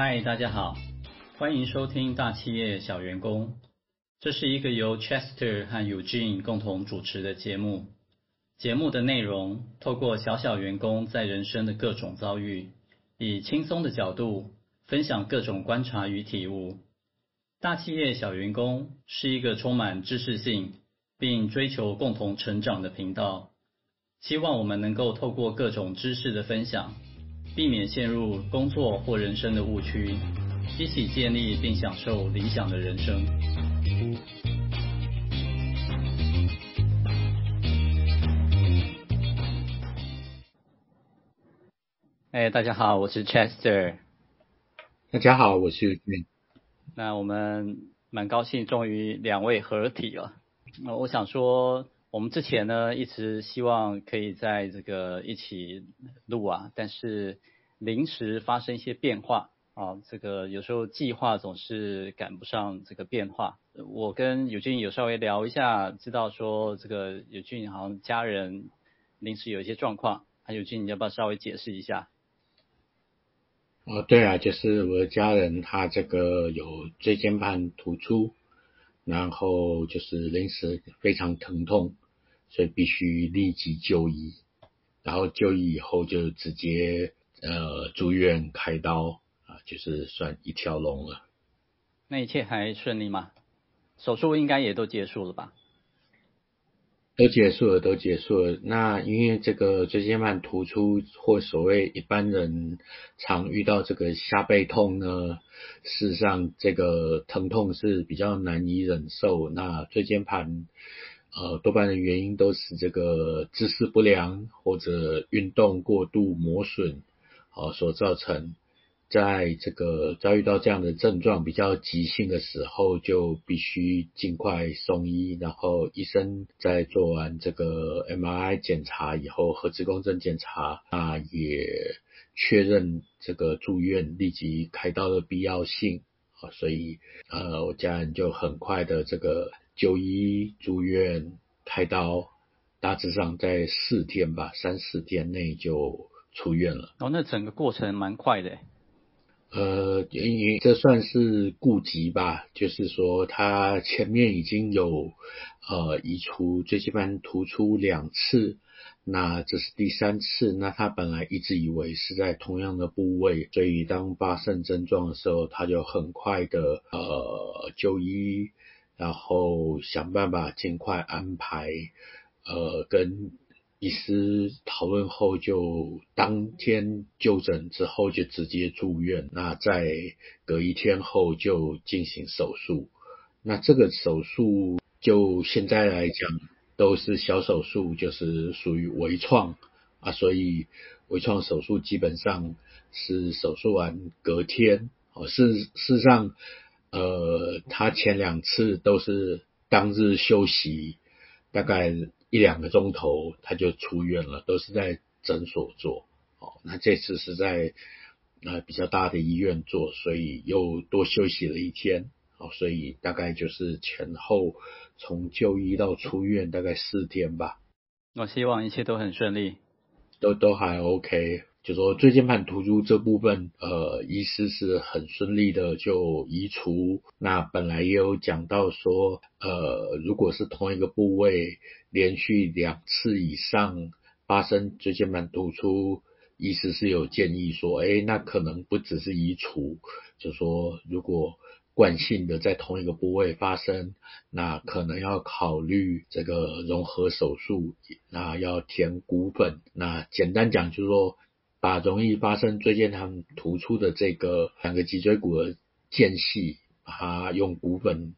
嗨，Hi, 大家好，歡迎收聽大企業小員工。這是一個由 Chester 和 Eugene 共同主持的節目。節目的內容透過小小員工在人生的各種遭遇，以輕鬆的角度分享各種觀察與體悟。大企業小員工是一個充滿知識性，並追求共同成長的頻道。希望我們能夠透過各種知識的分享。避免陷入工作或人生的誤區，一起建立並享受理想的人生。哎、嗯，hey, 大家好，我是 Chester。大家好，我是 Eugene。那我們蠻高興終於兩位合體了。我想說。我們之前呢一直希望可以在這個一起錄啊，但是臨時發生一些變化啊，這個有時候計劃總是趕不上這個變化。我跟尤金有稍微聊一下，知道說這個尤金好像家人臨時有一些狀況，還、啊、尤金你要不要稍微解釋一下？哦，對啊，就是我的家人他這個有椎間盤突出。然後就是臨時非常疼痛，所以必須立即就醫。然後就醫以後就直接呃住院開刀啊，就是算一條龍了。那一切還順利嗎？手術應該也都結束了吧？都結束了，都結束了。那因為這個椎間盤突出，或所謂一般人常遇到這個下背痛呢，事實上這個疼痛是比較難以忍受。那椎間盤呃，多半的原因都是這個姿勢不良或者運動過度磨損，啊、呃、所造成。在這個遭遇到這樣的症狀比較急性的時候，就必須盡快送醫，然後醫生在做完這個 MRI 檢查以後，核磁共振檢查啊，那也確認這個住院立即開刀的必要性啊，所以呃，我家人就很快的這個就醫住院開刀，大致上在四天吧，三四天內就出院了。哦，那整個過程蠻快的。呃，因為這算是痼疾吧，就是說他前面已經有呃移除，椎間盤突出兩次，那這是第三次，那他本來一直以為是在同樣的部位，所以當發生症狀的時候，他就很快的呃就醫，然後想辦法盡快安排呃跟。醫師討論後，就當天就診之後就直接住院。那在隔一天後就進行手術。那這個手術就現在來講都是小手術，就是屬於微創啊，所以微創手術基本上是手術完隔天。哦，事事實上，呃，他前兩次都是當日休息，大概。一兩個鐘頭他就出院了，都是在診所做。哦，那這次是在、呃、比較大的醫院做，所以又多休息了一天。哦，所以大概就是前後從就醫到出院大概四天吧。我希望一切都很順利。都都還 OK。就說椎間盤突出這部分，呃，醫師是很順利的就移除。那本來也有講到說，呃，如果是同一個部位連續兩次以上發生椎間盤突出，醫師是有建議說，哎，那可能不只是移除，就說如果慣性的在同一個部位發生，那可能要考慮這個融合手術，那要填骨粉。那簡單講就是說。把、啊、容易發生椎間盤突出的這個兩個脊椎骨的間隙，把、啊、它用骨粉，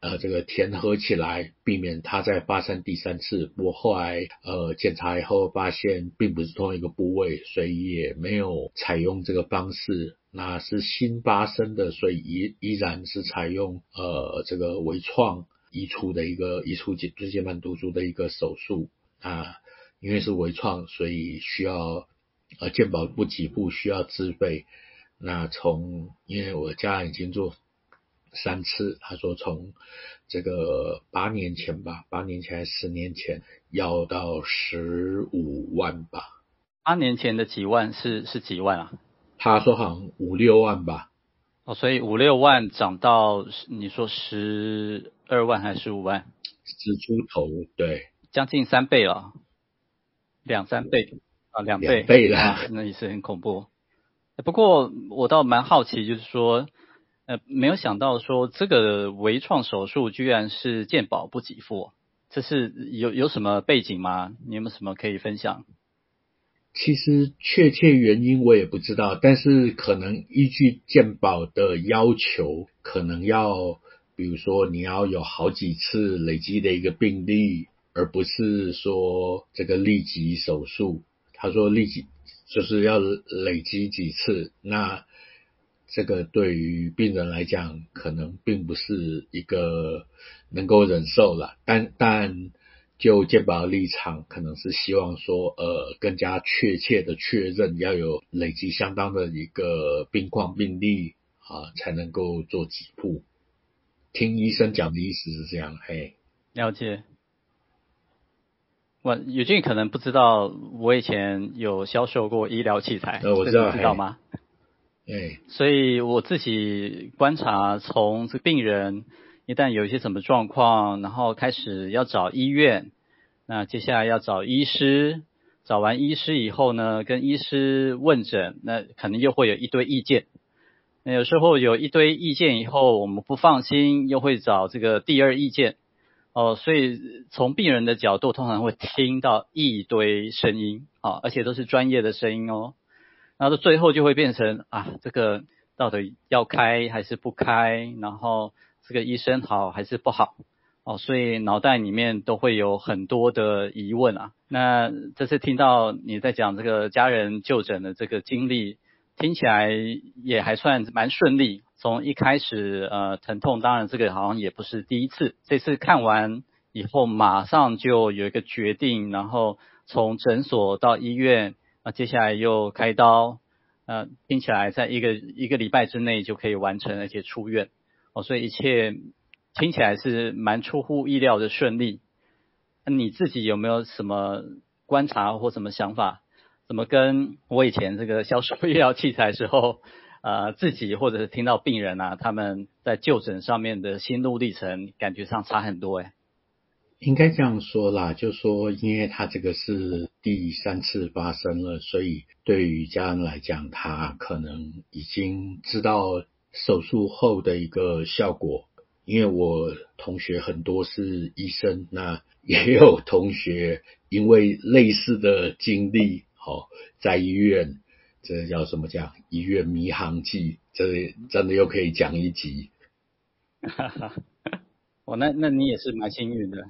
呃，這個填合起來，避免它再發生第三次。我後來，呃，檢查以後發現並不是同一個部位，所以也沒有採用這個方式。那是新發生的，所以依依然是採用呃這個微創移除的一個移除脊椎間盤突出的一個手術啊，因為是微創，所以需要。呃，健保不給付，需要自費。那從，因為我家已經做三次，他說從這個八年前吧，八年前還是十年前要到十五萬吧。八年前的幾萬是是幾萬啊？他說好像五六萬吧。哦，所以五六萬漲到你說十二萬還是十五萬？十出頭，對。將近三倍啊，兩三倍。嗯兩倍，兩倍的，那也是很恐怖。不過我倒蠻好奇，就是說，呃，沒有想到說這個微創手術居然是健保不給付，這是有有什麼背景嗎？你有沒有什麼可以分享？其實確切原因我也不知道，但是可能依據健保的要求，可能要比如說你要有好幾次累積的一個病例，而不是說這個立即手術。他說，立即，就是要累積幾次，那這個對於病人來講，可能並不是一個能夠忍受了。但但就健保立場，可能是希望說，呃，更加確切的確認，要有累積相當的一個病況病例啊，呃，才能夠做幾步。聽醫生講的意思是這樣，嘿，了解。尤金可能不知道，我以前有銷售過醫療器材，哦、我知道，知道嗎？哎，哎，所以我自己觀察，從這個病人一旦有一些什麼狀況，然後開始要找醫院，那接下來要找醫師，找完醫師以後呢，跟醫師問診，那可能又會有一堆意見。那有時候有一堆意見以後，我們不放心，又會找這個第二意見。哦，所以從病人的角度，通常會聽到一堆聲音啊，哦，而且都是專業的聲音哦。然後到最後就會變成啊，這個到底要開還是不開？然後這個醫生好還是不好？哦，所以腦袋裡面都會有很多的疑問啊。那這次聽到你在講這個家人就診的這個經歷，聽起來也還算蠻順利。從一開始，呃，疼痛，當然這個好像也不是第一次。這次看完以後，馬上就有一個決定，然後從診所到醫院，那、啊、接下來又開刀，呃，聽起來在一個一個禮拜之內就可以完成，而且出院。哦，所以一切聽起來是蠻出乎意料的順利。你自己有沒有什麼觀察或什麼想法？怎麼跟我以前這個銷售醫療器材的時候？呃，自己或者是聽到病人啊，他們在就診上面的心路歷程，感覺上差很多誒。應該這樣說啦，就說因為他這個是第三次發生了，所以對於家人來講，他可能已經知道手術後的一個效果。因為我同學很多是醫生，那也有同學因為類似的經歷，哦，在醫院。這叫什麼叫《一月迷航記》？這真的又可以講一集。哈哈，哇，那那你也是蠻幸運的。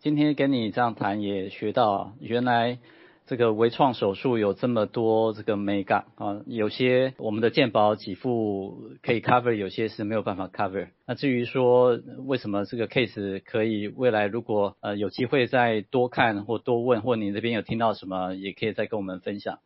今天跟你這樣談，也學到、啊、原來這個微創手術有這麼多這個美感啊。有些我們的健保給付可以 cover，有些是沒有辦法 cover。那至於說為什麼這個 case 可以未來如果呃有機會再多看或多問，或你這邊有聽到什麼，也可以再跟我們分享。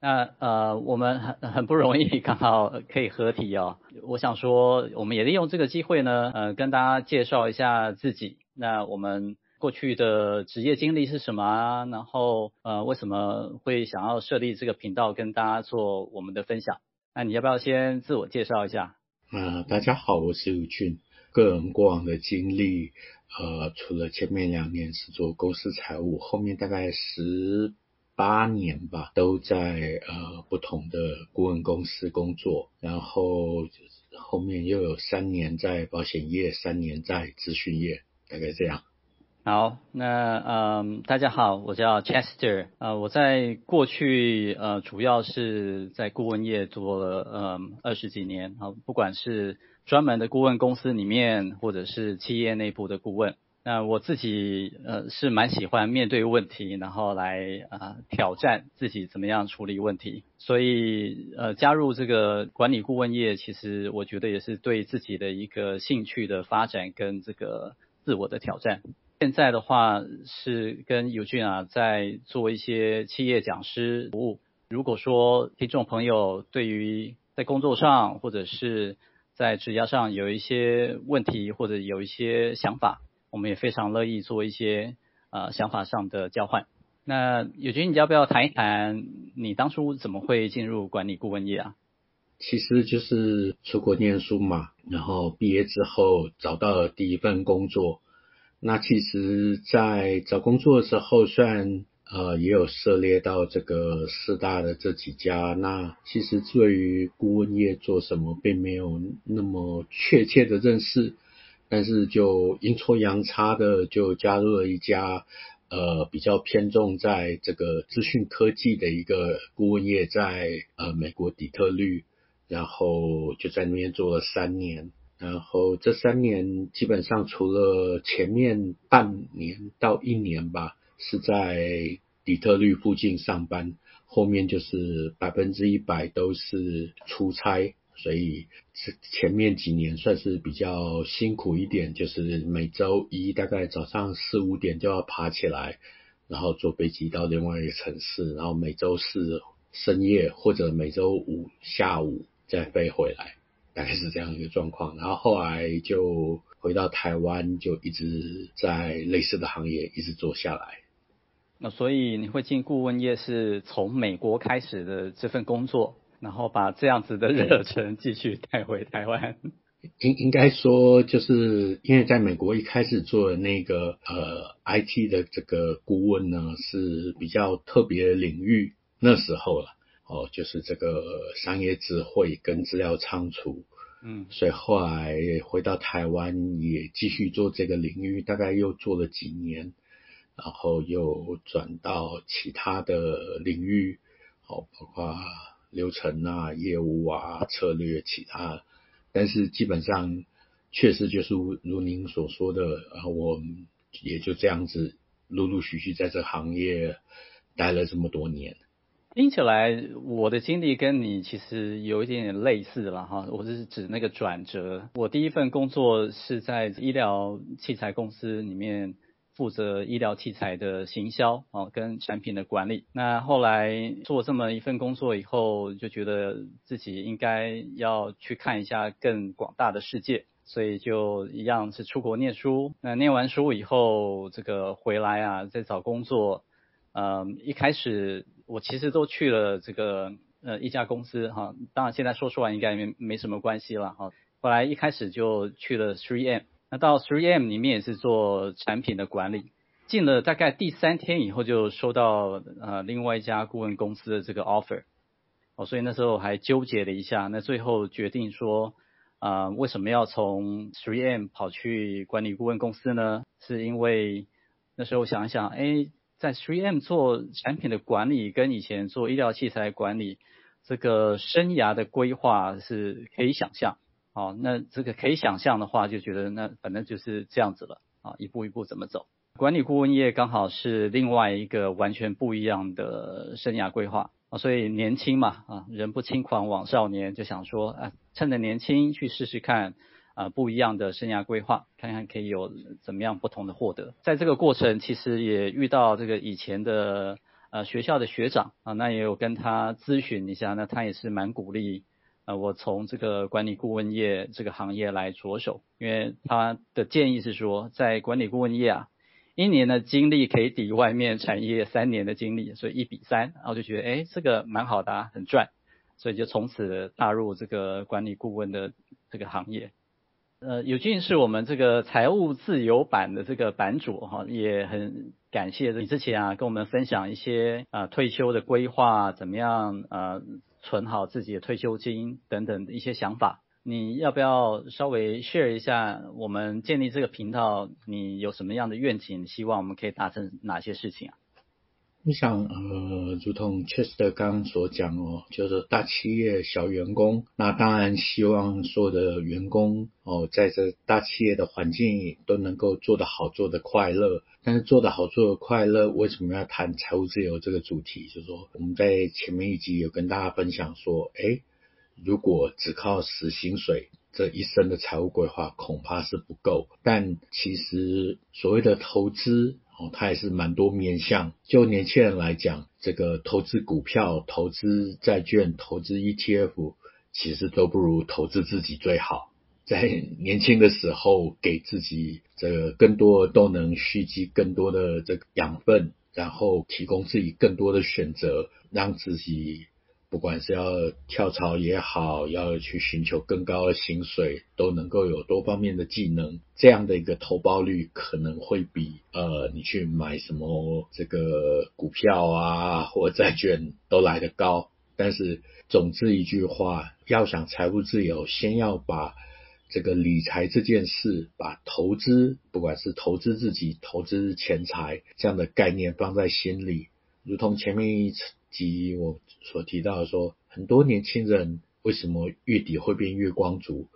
那呃，我們很很不容易，剛好可以合體哦。我想說，我們也利用這個機會呢，呃，跟大家介紹一下自己。那我們過去的職業經歷是什麼啊？然後呃，為什麼會想要設立這個頻道，跟大家做我們的分享？那你要不要先自我介紹一下？呃，大家好，我是尤金。個人過往的經歷，呃，除了前面兩年是做公司財務，後面大概十。八年吧，都在呃不同的顧問公司工作，然後後面又有三年在保險業，三年在諮詢業，大概這樣。好，那，嗯，呃，大家好，我叫 Chester，呃我在過去呃主要是在顧問業做了嗯，呃，二十幾年，好不管是專門的顧問公司裡面，或者是企業內部的顧問。那我自己呃是蠻喜歡面對問題，然後來啊、呃、挑戰自己怎麼樣處理問題。所以呃加入這個管理顧問業，其實我覺得也是對自己的一個興趣的發展跟這個自我的挑戰。現在的話是跟尤金啊在做一些企業講師服務。如果說聽眾朋友對於在工作上或者是在職業上有一些問題或者有一些想法，我們也非常樂意做一些呃想法上的交換。那尤金，你要不要談一談你當初怎麼會進入管理顧問業啊？其實就是出國念書嘛，然後畢業之後找到了第一份工作。那其實，在找工作的時候，雖然呃也有涉獵到這個四大的這幾家，那其實對於顧問業做什麼，並沒有那麼確切的認識。但是就陰錯陽差的就加入了一家呃比較偏重在這個資訊科技的一個顧問業在、在呃美國底特律，然後就在那邊做了三年，然後這三年基本上除了前面半年到一年吧是在底特律附近上班，後面就是百分之一百都是出差。所以前前面幾年算是比較辛苦一點，就是每週一大概早上四五點就要爬起來，然後坐飛機到另外一個城市，然後每週四深夜或者每週五下午再飛回來，大概是這樣一個狀況。然後後來就回到台灣，就一直在類似的行業一直做下來。那所以你會進顧問業，是從美國開始的這份工作？然後把這樣子的熱忱繼續帶回台灣。應應該說，就是因為在美國一開始做的那個呃 IT 的這個顧問呢，是比較特別的領域那時候了、啊、哦，就是這個商業智慧跟資料倉儲，嗯，所以後來回到台灣也繼續做這個領域，大概又做了幾年，然後又轉到其他的領域，哦，包括。流程啊，業務啊，策略，其他，但是基本上確實就是如您所說的啊，我也就這樣子陸陸續續在這行業待了這麼多年。聽起來我的經歷跟你其實有一點點類似了哈，我是指那個轉折。我第一份工作是在醫療器材公司裡面。負責醫療器材的行銷哦，跟產品的管理。那後來做這麼一份工作以後，就覺得自己應該要去看一下更廣大的世界，所以就一樣是出國念書。那念完書以後，這個回來啊，在找工作，呃，一開始我其實都去了這個呃一家公司哈、哦，當然現在說出來應該沒沒什麼關係了哈、哦。後來一開始就去了 3M。那到 3M 裡面也是做產品的管理，進了大概第三天以後，就收到呃另外一家顧問公司的這個 offer 哦，所以那時候還糾結了一下，那最後決定說啊、呃、為什麼要從 3M 跑去管理顧問公司呢？是因為那時候想一想，哎、欸，在 3M 做產品的管理跟以前做醫療器材管理這個生涯的規劃是可以想象。好、哦，那這個可以想象的話，就覺得那反正就是這樣子了啊、哦，一步一步怎麼走，管理顧問業剛好是另外一個完全不一樣的生涯規劃啊、哦，所以年輕嘛啊，人不輕狂枉少年，就想說啊，趁着年輕去試試看啊，不一樣的生涯規劃，看看可以有怎麼樣不同的獲得。在這個過程，其實也遇到這個以前的呃學校的學長啊，那也有跟他諮詢一下，那他也是蠻鼓勵。呃，我從這個管理顧問業這個行業來着手，因為他的建議是說，在管理顧問業啊，一年的經歷可以抵外面產業三年的經歷，所以一比三，然後就覺得誒這個蠻好的、啊，很賺，所以就從此踏入這個管理顧問的這個行業。呃，尤金是我們這個財務自由版的這個版主哈，也很感謝你之前啊跟我們分享一些啊、呃、退休的規劃怎麼樣啊。呃存好自己的退休金等等的一些想法，你要不要稍微 share 一下？我們建立這個頻道，你有什麼樣的願景？希望我們可以達成哪些事情啊？我想，呃，如同 Chester 剛剛所講哦，就是大企業小員工，那當然希望所有的員工哦，在這大企業的環境都能夠做得好，做得快樂。但是做得好，做得快樂，為什麼要談財務自由這個主題？就是說，我們在前面一集有跟大家分享說，誒，如果只靠死薪水，這一生的財務規劃恐怕是不夠。但其實所謂的投資。哦，他也是蠻多面向。就年輕人來講，這個投資股票、投資債券、投資 ETF，其實都不如投資自己最好。在年輕的時候，給自己這個更多都能蓄積更多的這個養分，然後提供自己更多的選擇，讓自己。不管是要跳槽也好，要去尋求更高的薪水，都能夠有多方面的技能，這樣的一個投報率可能會比呃你去買什麼這個股票啊或者債券都來得高。但是總之一句話，要想財務自由，先要把這個理財這件事，把投資，不管是投資自己、投資錢財這樣的概念放在心裡，如同前面一次。及我所提到的說，說很多年輕人為什麼月底會變月光族，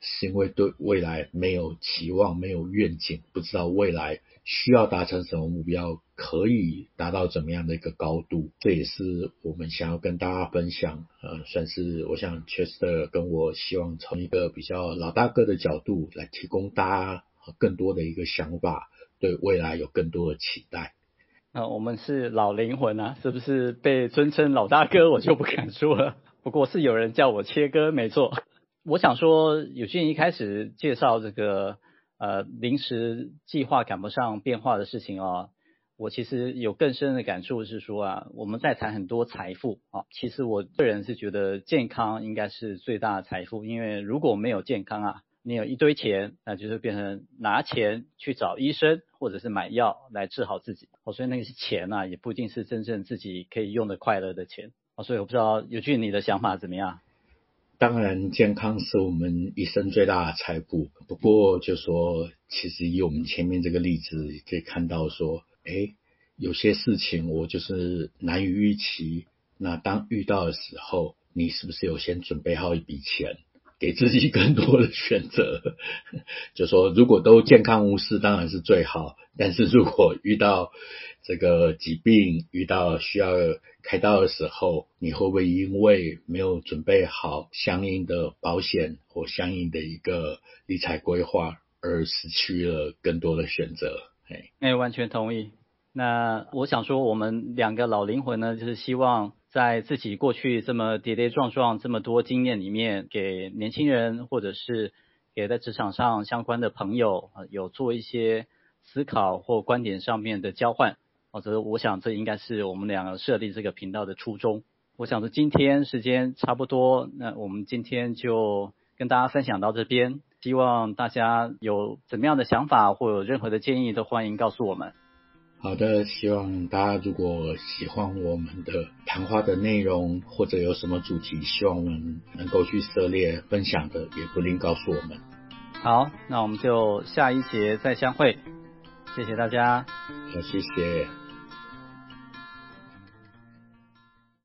是因為對未來沒有期望、沒有願景，不知道未來需要達成什麼目標，可以達到怎麼樣的一個高度。這也是我們想要跟大家分享，呃，算是我想 Chester 跟我希望從一個比較老大哥的角度來提供大家更多的一個想法，對未來有更多的期待。那、呃、我們是老靈魂啊，是不是被尊稱老大哥？我就不敢說了。不過，是有人叫我切哥，沒錯。我想說，有些人一開始介紹這個，呃，臨時計劃趕不上變化的事情啊、哦，我其實有更深的感觸是說啊，我們在談很多財富啊、哦，其實我個人是覺得健康應該是最大的財富，因為如果沒有健康啊。你有一堆錢，那就是變成拿錢去找醫生，或者是買藥來治好自己。哦、所以那個是錢吶、啊，也不一定是真正自己可以用的快樂的錢。哦、所以我不知道，尤金你的想法怎麼樣？當然，健康是我們一生最大的財富。不過就說，其實以我們前面這個例子可以看到，說，哎，有些事情我就是難以預期。那當遇到的時候，你是不是有先準備好一筆錢？給自己更多的選擇，就說如果都健康無事，當然是最好。但是如果遇到這個疾病，遇到需要開刀的時候，你會不會因為沒有準備好相應的保險或相應的一個理財規劃，而失去了更多的選擇？哎，哎，完全同意。那我想說，我們兩個老靈魂呢，就是希望。在自己過去這麼跌跌撞撞，這麼多經驗裡面，給年輕人或者是給在職場上相關的朋友有做一些思考或觀點上面的交換。否則我想這應該是我們兩個設立這個頻道的初衷。我想說今天時間差不多，那我們今天就跟大家分享到這邊。希望大家有怎麼樣的想法或有任何的建議，都歡迎告訴我們。好的，希望大家如果喜歡我們的談話的內容，或者有什麼主題，希望我們能夠去涉獵分享的，也不吝告訴我們。好，那我們就下一節再相會。謝謝大家。好，啊，謝謝。